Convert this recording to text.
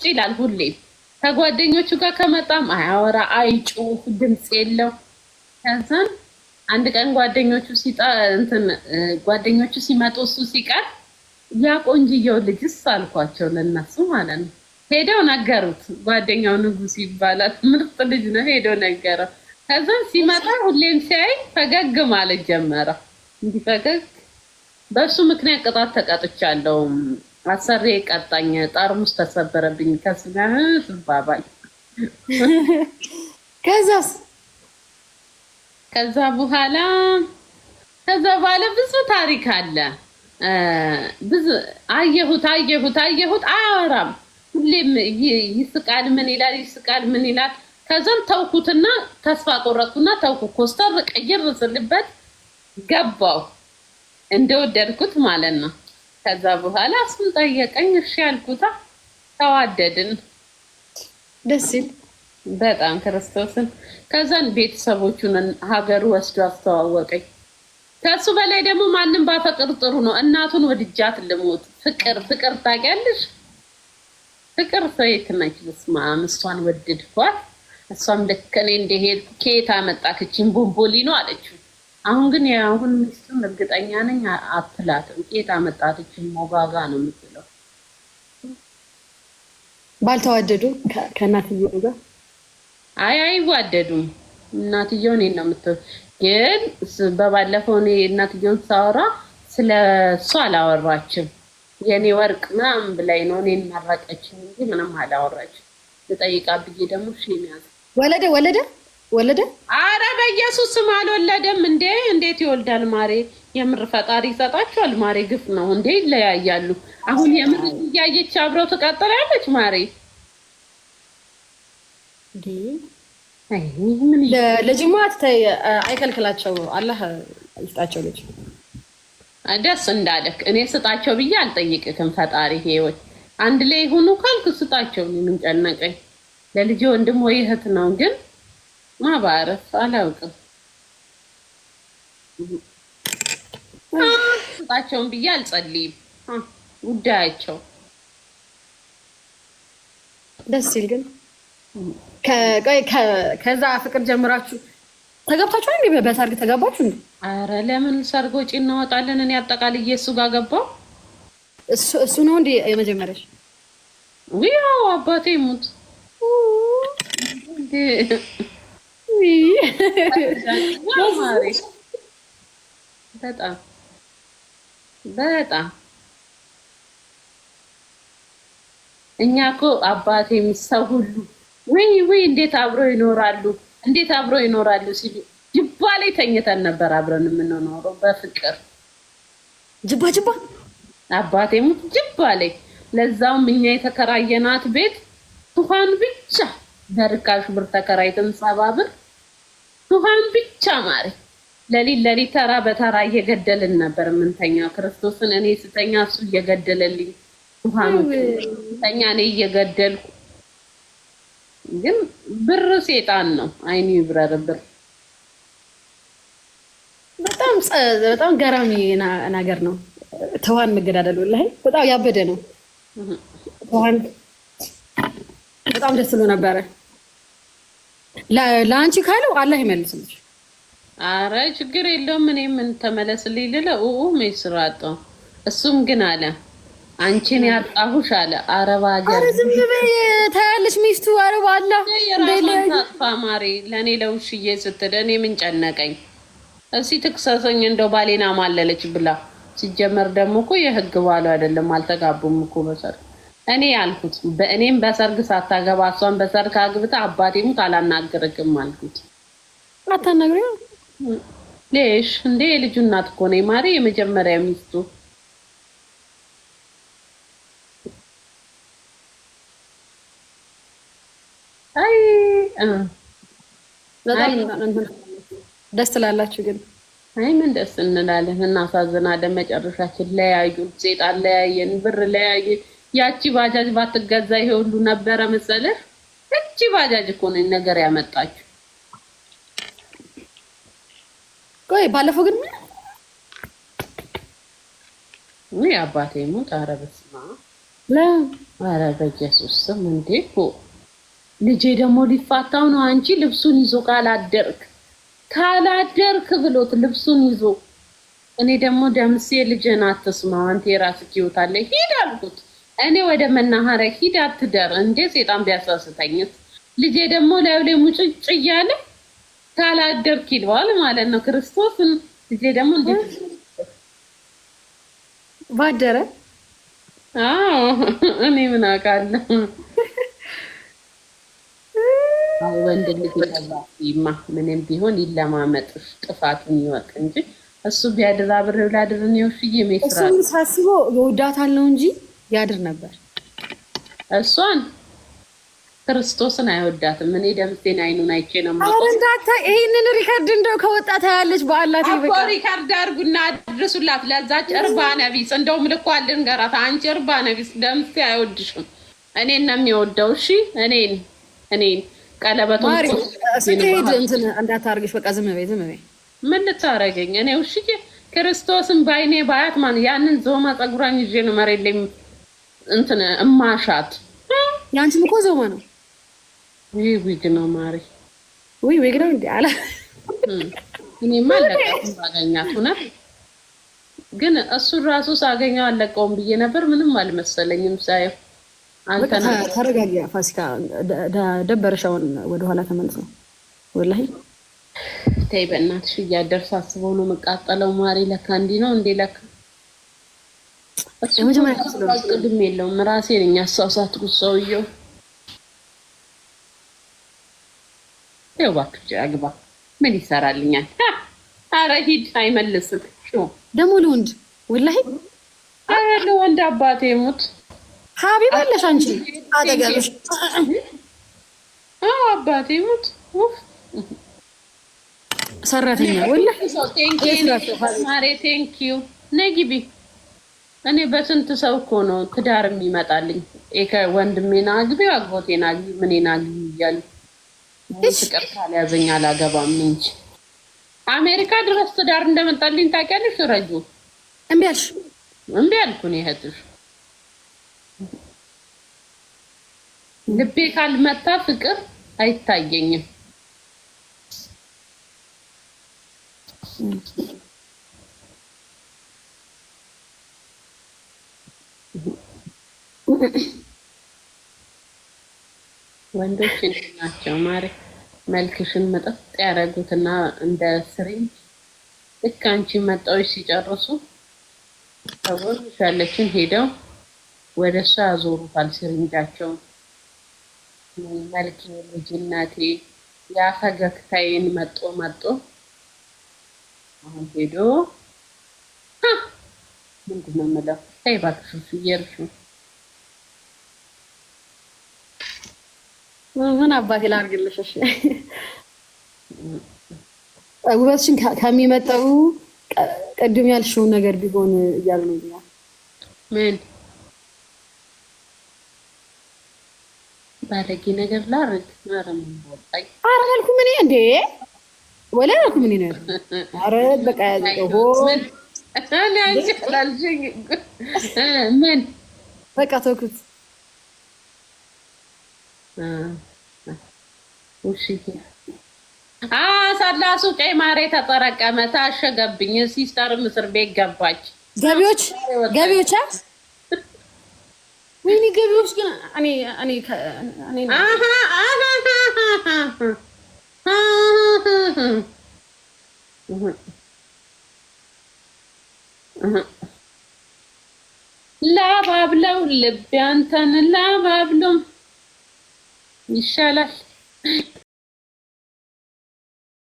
ቁጭ ይላል ሁሌም። ከጓደኞቹ ጋር ከመጣም አያወራ፣ አይጩህ፣ ድምፅ የለው። ከዛም አንድ ቀን ጓደኞቹ ሲጣ እንትን ጓደኞቹ ሲመጡ እሱ ሲቀር ያ ቆንጅየው ልጅስ አልኳቸው፣ ለእነሱ ማለት ነው። ሄደው ነገሩት። ጓደኛው ንጉስ ይባላል። ምርጥ ልጅ ነው። ሄደው ነገረው። ከዛም ሲመጣ ሁሌም ሲያይ ፈገግ ማለት ጀመረ። እንዲህ ፈገግ በእሱ ምክንያት ቅጣት ተቀጥቻለሁ አሰሬ ቀጣኝ። ጠርሙስ ተሰበረብኝ። ከስጋህ ባባኝ። ከዛስ ከዛ በኋላ ከዛ በኋላ ብዙ ታሪክ አለ። ብዙ አየሁት አየሁት አየሁት አያወራም። ሁሌም ይስቃል። ምን ይላል? ይስቃል። ምን ይላል? ከዛም ተውኩትና ተስፋ ቆረጥኩና ተውኩ። ኮስተር ቀይር ስልበት ገባው እንደወደድኩት ማለት ነው። ከዛ በኋላ እሱም ጠየቀኝ፣ እሺ ያልኩታ። ተዋደድን ደስ ይል በጣም ክርስቶስን። ከዛን ቤተሰቦቹን ሀገር ወስዶ አስተዋወቀኝ። ከሱ በላይ ደግሞ ማንም ባፈቅር ጥሩ ነው። እናቱን ወድጃት ልሞት። ፍቅር ፍቅር ታውቂያለሽ? ፍቅር ሰይት ነች። በስመ አብ እሷን ወድድኳት። እሷም ልክ እኔ እንደሄድኩ ኬታ መጣክችን ቦምቦሊኖ አለችው አሁን ግን የአሁን ሚስቱን እርግጠኛ ነኝ አትላትም። ቄት አመጣት ሞጋጋ ነው የምትለው። ባልተዋደዱ ከእናትየው ጋር አይ አይዋደዱም። እናትየው እኔን ነው የምትለው። ግን በባለፈው እኔ እናትየውን ሳወራ ስለ እሱ አላወራችም። የእኔ ወርቅ ምናምን ብላኝ ነው እኔን መረቀችኝ እንጂ ምንም አላወራችም። ልጠይቃ ብዬ ደግሞ ሽ ያዝ ወለደ ወለደ ወለደ? አረ በኢየሱስ ስም አልወለደም እንዴ! እንዴት ይወልዳል ማሬ? የምር ፈጣሪ ይሰጣቸዋል ማሬ። ግፍ ነው እንዴ! ይለያያሉ። አሁን የምር እያየች አብረው ትቀጥላለች ማሬ። ለጅማት አይከልክላቸው፣ አላህ ይስጣቸው ልጅ ደስ እንዳለክ እኔ ስጣቸው ብዬ አልጠይቅክም። ፈጣሪ ህይወት አንድ ላይ የሆኑ ካልክ ስጣቸው፣ ምን ጨነቀኝ። ለልጅ ወንድም ወይ እህት ነው ግን ባረፍ አላውቅም። ጣቸውን ብዬ አልጸልይም። ጉዳያቸው ደስ ሲል ግን ከዛ ፍቅር ጀምራችሁ ተገብታችሁ እንዴ? በሰርግ ተገባችሁ እንዴ? አረ ለምን ሰርግ ወጪ እናወጣለን? እኔ አጠቃልዬ እየሱ ጋር ገባው። እሱ ነው እንዴ የመጀመሪያሽ? ያው አባቴ ሙት በጣም በጣም እኛ እኮ አባቴ የሚሰው ሁሉ ወይ ወይ እንዴት አብሮ ይኖራሉ እንዴት አብሮ ይኖራሉ ሲሉ ጅባ ላይ ተኝተን ነበር አብረን የምንኖረው በፍቅር ጅባ ጅባ አባቴም ጅባ ላይ ለዛውም እኛ የተከራየናት ቤት ትኋን ብቻ በርካሽ ብር ተከራይተን ሰባ ብር ሱሀን ብቻ ማሪ ለሊት ለሊት ተራ በተራ እየገደልን ነበር የምንተኛው። ክርስቶስን እኔ ስተኛ እሱ እየገደለልኝ፣ ሱሀን ስተኛ እኔ እየገደልኩ ግን ብር ሴጣን ነው። አይኑ ይብረር። ብር በጣም በጣም ገራሚ ነገር ነው። ተዋን መገዳደሉ ላይ በጣም ያበደ ነው። ተዋን በጣም ደስ ብሎ ነበረ። ለአንቺ ካለው አላህ ይመልስልሽ። አረ ችግር የለውም። እኔ ምን ተመለስልኝ ልለው ኡ ሜስራ አጣው። እሱም ግን አለ አንቺን ያጣሁሽ አለ አረባ ሀገር ዝም ብዬ ታያለሽ። ሚስቱ አረባ አላ ማሪ። ለእኔ ለውሽዬ ስትል እኔ ምን ጨነቀኝ? እስኪ ትክሰሰኝ እንደው ባሌና ማለለች ብላ ሲጀመር ደግሞ እኮ የህግ ባሉ አይደለም አልተጋቡም እኮ በሰር እኔ ያልኩት በእኔም በሰርግ ሳታገባ እሷን በሰርግ አግብታ አባቴ ሙት አልኩት። አታናግሪ ሌሽ እንዴ የልጁ እናት እኮ ነኝ ማሬ፣ የመጀመሪያ ሚስቱ አይ ደስ ትላላችሁ ግን አይ ምን ደስ እንላለን። እናሳዝናለን። መጨረሻችን ለያዩን፣ ሴጣን ለያየን፣ ብር ለያየን። ያቺ ባጃጅ ባትገዛ ይሄ ሁሉ ነበረ መሰለህ? እቺ ባጃጅ እኮ ነው ነገር ያመጣችው። ቆይ ባለፈው ግን ምን ምን አባቴ ሞት። ኧረ በስመ አብ ላ ኧረ በኢየሱስ ስም እንዴ እኮ ልጄ ደግሞ ሊፋታው ነው። አንቺ ልብሱን ይዞ ካላደርክ ካላደርክ ብሎት ልብሱን ይዞ እኔ ደግሞ ደምሴ ልጄን አትስማው አንተ የራስህ ህይወት አለ ሂድ አልኩት። እኔ ወደ መናኸሪያ ሂድ አትደር እንዴ ሴጣን ቢያስወስተኝስ ልጄ ደግሞ ላዩ ላይ ሙጭጭ እያለ ካላደርክ ይለዋል ማለት ነው። ክርስቶስን ልጄ ደግሞ እንዴ ባደረ። አዎ እኔ ምን አውቃለሁ። ወንድ ልጅ ይማ ምንም ቢሆን ይለማመጥ ጥፋቱን ይወቅ እንጂ እሱ ቢያድር አብሬው ላድር ነው። ሽዬ ሜስራ እሱም ሳስበው እወዳታለሁ እንጂ ያድር ነበር። እሷን ክርስቶስን አይወዳትም። እኔ ደምሴን አይኑን አይቼ ነው ማቆንዳታ። ይህንን ሪከርድ እንደው ከወጣ ታያለች። በአላት እኮ ሪከርድ አድርጉና አድርሱላት ለዛች እርባ ነቢስ። እንደውም ልኮ አልንገራት አንቺ እርባ ነቢስ፣ ደምሴ አይወድሽም። እኔን ነው የሚወደው። እሺ እኔን እኔን ቀለበቱ ስትሄድ እንትን እንዳታርግሽ። በቃ ዝም በይ ዝም በይ። ምን ልታረገኝ እኔ ውሽዬ፣ ክርስቶስን ባይኔ ባያት ማን ያንን ዞማ ፀጉሯን ይዤ ነው መሬት ላይ እንትን እማሻት የአንቺም እኮ ዘማ ነው። ውይ ዊግ ነው ማሪ፣ ውይ ዊግ ነው እንዲ አላ እኔማ አለቀውም ባገኛት እውነት ግን እሱን ራሱ ሳገኘው አለቀውም ብዬ ነበር። ምንም አልመሰለኝም ሳየው። ተረጋጊ ፋሲካ፣ ደበረሻውን ወደኋላ ተመልሶ ወላሂ ተይ በእናትሽ እያደርስ አስበው ነው መቃጠለው። ማሪ ለካ እንዲህ ነው እንዴ ለካ የመጀመሪያ ቅድም የለውም ራሴ ነኝ ያሳሳትኩት ሰውየው። ይኸው እባክህ አግባ ምን ይሰራልኛል? አረ ሂድ፣ አይመልስም። ደግሞ ለወንድ ወላሂ ለወንድ አባቴ ሙት ሀቢብ አለሽ አንቺ አጠገብሽ አባቴ ሙት ሰራተኛ ወላሂ ማሬ ቴንኪዩ ነግቢ እኔ በስንት ሰው እኮ ነው ትዳር ትዳርም ይመጣልኝ ወንድሜን አግቢ አጎቴን አግቢ ምኔን አግቢ እያሉ ፍቅር ካልያዘኝ አላገባም እንጂ አሜሪካ ድረስ ትዳር እንደመጣልኝ ታውቂያለሽ። ረጁ እምቢ አልሽ እምቢ አልኩኝ። እህትሽ ልቤ ካልመታ ፍቅር አይታየኝም። ወንዶች እንዴት ናቸው ማሬ? መልክሽን መጠጥ ያደረጉትና እንደ ስሪንጅ ልክ አንቺ መጣዎች ሲጨርሱ ሰዎች ያለችን ሄደው ወደ እሷ ያዞሩታል ስሪንጃቸውን። መልክ ልጅነቴ ያ ፈገግታዬን መጦ መጦ አሁን ሄዶ ምንድን ነው የምለው? ተይ እባክሽ እየርሹ ምን አባቴ ላድርግልሽ? እሺ ውበትሽን ከሚመጣው ቅድም ያልሽውን ነገር ቢሆን እያሉ ነው። ምን ባለጌ ነገር ላድርግ? ኧረ አልኩም እኔ እንዴ ወላ አልኩም እኔ ነው። ኧረ በቃ ያዝቆ ምን በቃ ተውኩት። አሳላሱ ቀይ ማሬ ተጠረቀመ ታሸገብኝ። ሲስተር ምስር ቤት ገባች። ገቢዎች ገቢዎች ገቢዎች ግን ላባብለው ልብ ያንተን ይሻላል።